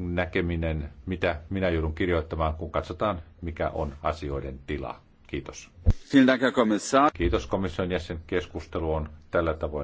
näkeminen, mitä minä joudun kirjoittamaan, kun katsotaan, mikä on asioiden tila. Kiitos. Kiitos komission jäsen. Keskustelu on tällä tavoin.